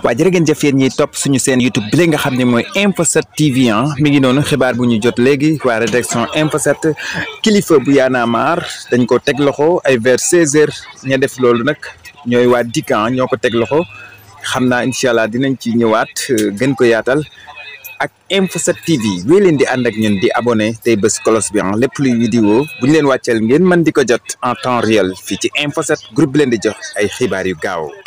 waa jërë ngeen jëf yéen ñiy topp suñu seen YouTube bi nga xam ne mooy Info 7 TV ah mi ngi noonu xibaar bu ñu jot léegi waa rédaction Info 7 kilifa bu yaana a marre dañ ko teg loxo ay vers 16 heures ña def loolu nag ñooy waa Dikkan ah, ñoo ko teg loxo xam naa incha allah dinañ ci ñëwaat euh, gën ko yaatal. ak Info 7 TV wéy leen di ànd ak ñun di abonné tey bés cloche bi en ah. lépp luy vidéo bu ñu leen wàcceel ngeen man di ko jot en temps réel fii ci Info 7 groupe bi leen di jox ay xibaar yu gaaw